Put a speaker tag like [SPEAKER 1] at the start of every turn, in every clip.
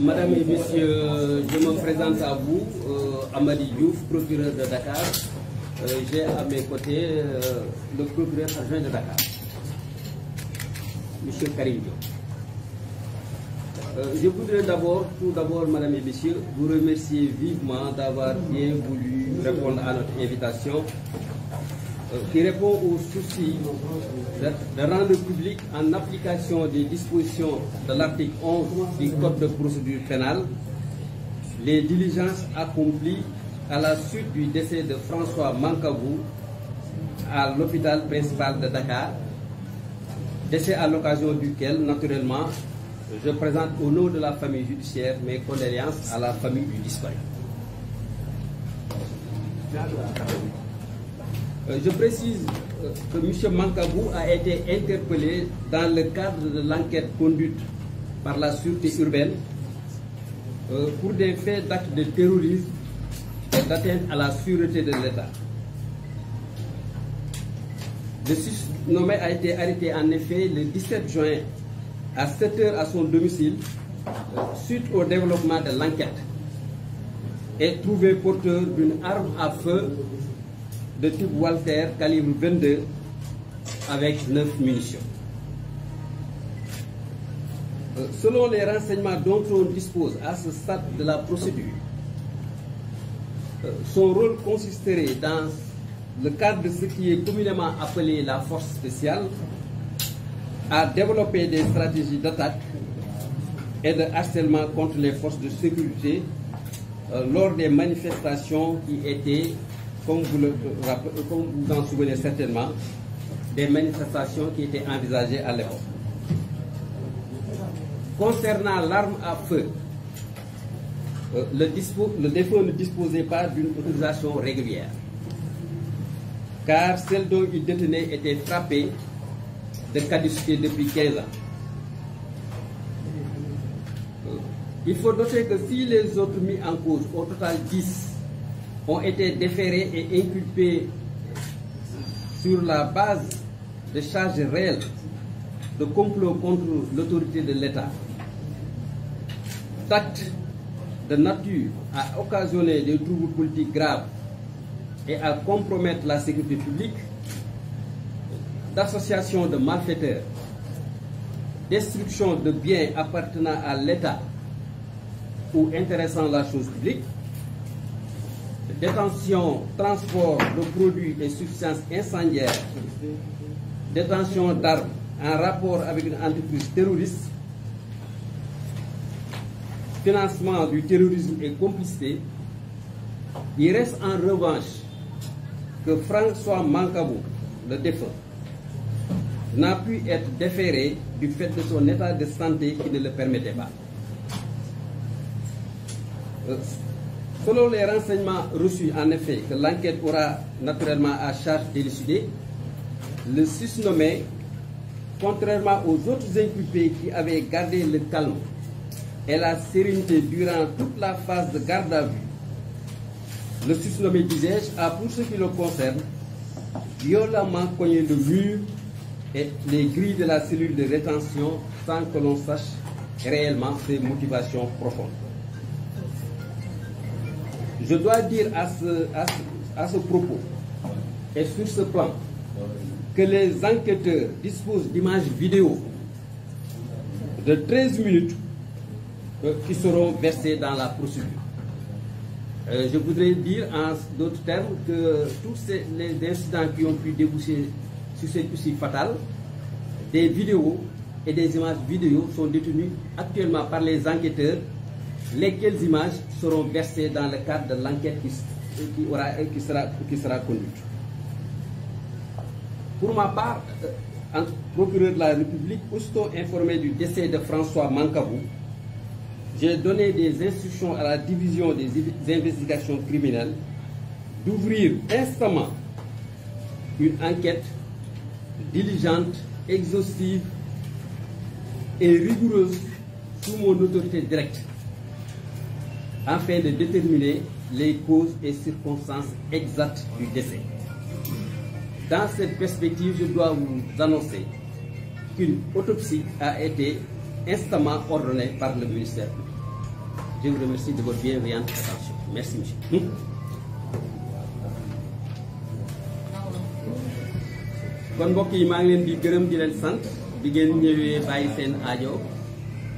[SPEAKER 1] Madame et Messieurs, je me présente à vous, euh, Amadi Diouf, procureur de Dakar. Euh, j'ai à mes côtés euh, le procureur adjoint de Dakar, M. Karim je voudrais d'abord, tout d'abord, Madame et Messieurs, vous remercier vivement d'avoir bien voulu répondre à notre invitation qui répond au souci de, rendre public, en application des dispositions de l'article 11 du Code de procédure pénale, les diligences accomplies à la suite du décès de François Mankabou à l'hôpital principal de Dakar, décès à l'occasion duquel, naturellement, je présente au nom de la famille judiciaire mes condoléances à la famille du disparu. Euh, je précise euh, que M. Mankabou a été interpellé dans le cadre de l'enquête conduite par la sûreté urbaine euh, pour des faits d'actes de terrorisme et d'atteinte à la sûreté de l'État. Le nommé a été arrêté en effet le 17 juin à 7 heures à son domicile suite au développement de l'enquête et trouvé porteur d'une arme à feu de type Walter calibre 22 avec 9 munitions. Euh, selon les renseignements dont on dispose à ce stade de la procédure, euh, son rôle consisterait dans le cadre de ce qui est communément appelé la force spéciale à développer des stratégies d'attaque et de harcèlement contre les forces de sécurité euh, lors des manifestations qui étaient comme vous le euh, euh, vous en souvenez certainement, des manifestations qui étaient envisagées à l'époque. Concernant l'arme à feu, euh, le, le défaut ne disposait pas d'une autorisation régulière, car celle dont il détenait était frappée de caducité depuis 15 ans. Il faut noter que si les autres mis en cause, au total 10, ont été déférés et inculpés sur la base de charges réelles de complot contre l'autorité de l'État. D'actes de nature à occasionner des troubles politiques graves et à compromettre la sécurité publique, d'associations de malfaiteurs, destruction de biens appartenant à l'État ou intéressant la chose publique, détention, transport de produits et substances incendiaires, détention d'armes en rapport avec une entreprise terroriste, financement du terrorisme et complicité, il reste en revanche que François Mankabo, le défunt, n'a pu être déféré du fait de son état de santé qui ne le permettait pas. Euh, Selon les renseignements reçus, en effet, que l'enquête aura naturellement à charge d'élucider, le susnommé, contrairement aux autres inculpés qui avaient gardé le calme et la sérénité durant toute la phase de garde à vue, le susnommé, disais-je, a pour ce qui le concerne violemment cogné le mur et les grilles de la cellule de rétention sans que l'on sache réellement ses motivations profondes. Je dois dire à ce, à ce, propos et sur ce plan que les enquêteurs disposent d'images vidéo de 13 minutes euh, qui seront versées dans la procédure. Euh, je voudrais dire en d'autres termes que tous ces, les incidents qui ont pu déboucher sur cette issue fatale, des vidéos et des images vidéo sont détenues actuellement par les enquêteurs lesquelles images seront versées dans le cadre de l'enquête qui, sera, qui sera conduite. Pour ma part, euh, en procureur de la République, aussitôt informé du décès de François Mankabou, j'ai donné des instructions à la division des investigations criminelles d'ouvrir instamment une enquête diligente, exhaustive et rigoureuse sous mon autorité directe afin de déterminer les causes et circonstances exactes du décès. Dans cette perspective, je dois vous annoncer qu'une autopsie a été instamment ordonnée par le ministère Je vous remercie de votre bienveillante attention. Merci, monsieur. Hum?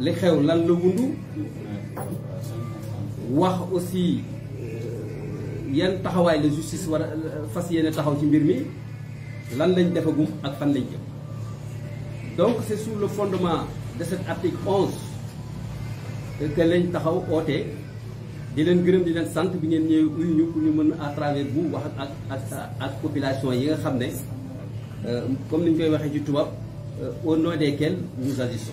[SPEAKER 1] les xew lan la aussi euh, la justice wara euh, taxaw ci mbir mi lan lañ defagum donc c'est sous le fondement de cet article 11 que lañ taxaw di à travers vous wax ak population euh, comme nous koy au nom desquels nous agissons.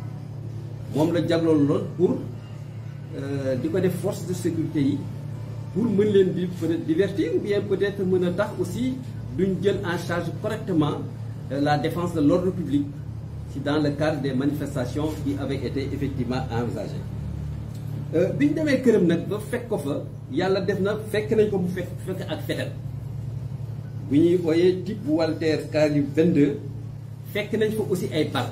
[SPEAKER 1] moom la jagloon lool pour euh, forces def de sécurité pour mën leen di divertir ou bien peut-être mën aussi duñ jël en charge correctement euh, la défense de l'ordre public ci dans le cadre des manifestations qui avaient été effectivement envisagées Si euh, ñu demee këram nag ba fekk ko fa yàlla def na fekk nañ ko fait fekk fekk ak voyez, type Walter Kali 22 fekk nañ a aussi ay bal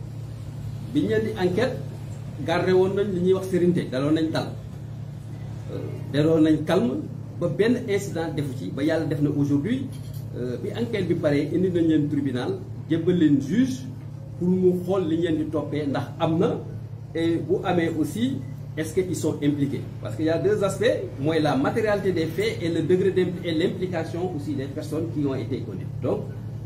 [SPEAKER 1] Bien ñu leen di enquête garde woon nañ li ñuy wax sérénité dalon nañ dal euh, daloon nañ calme ba ben incident defu ci ba yalla def na aujourd'hui euh, bi enquête bi paré indi nañ un tribunal Il leen juge pour mu xol li ngeen di topé ndax amna et bu amé aussi est-ce qu'ils sont impliqués parce qu'il y a deux aspects la matérialité des faits et le degré et l'implication aussi des personnes qui ont été connues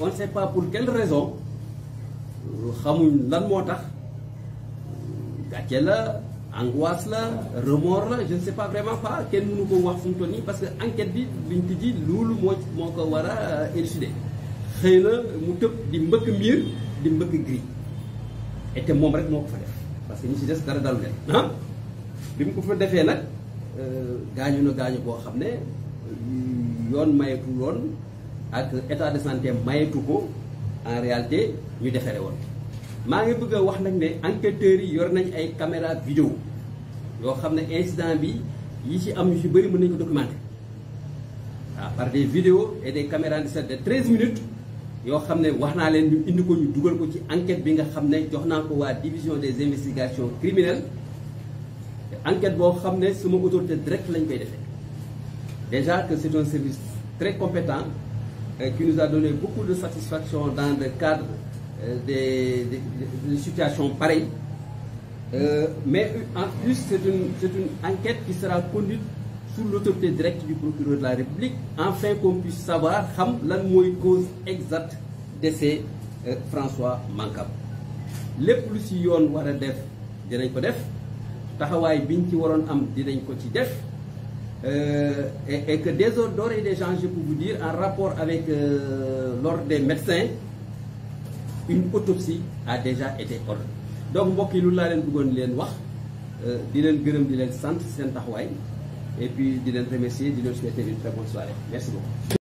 [SPEAKER 1] on ne sait pas pour quelle raison xamuñ lan tax angoisse remords je ne sais pas vraiment pas quel mënu ko wax parce que enquête bi biñ moko wara mu tepp di di et rek moko fa def parce que nous, ci dess dara dalu hein, ah ko fa nak pour euh, gañu na gañu xamné ak état de santé mayetu en réalité ñu defere won ma ngi bëgg a wax nag né enquêteurs yi yor nañ ay caméra vidéo yo xamné incident bi yi ci am yu ci bëri ah, par des vidéos et des caméras de 13 minutes yo xamné ne wax naa leen ñu indi ko ñu duggal ko ci enquête bi nga division des investigations criminelles enquête bo xamné suma autorité direct lañ koy défé déjà que c'est un service très compétent qui nous a donné beaucoup de satisfaction dans le cadre euh, des, situations pareilles. Euh, mais en plus, c'est une, enquête qui sera conduite sous l'autorité directe du procureur de la République, afin qu'on puisse savoir la cause exacte de ces euh, François Mankab. Les policiers ont été def ont ko euh, et, que dès d'ores et déjà, je peux vous dire, en rapport avec euh, l'ordre des médecins, une autopsie a déjà été ordonnée. Donc, mbokk yi lu laa leen bëggoon leen wax euh, di leen gërëm di et puis di vous remercier di souhaiter une très bonne soirée merci beaucoup.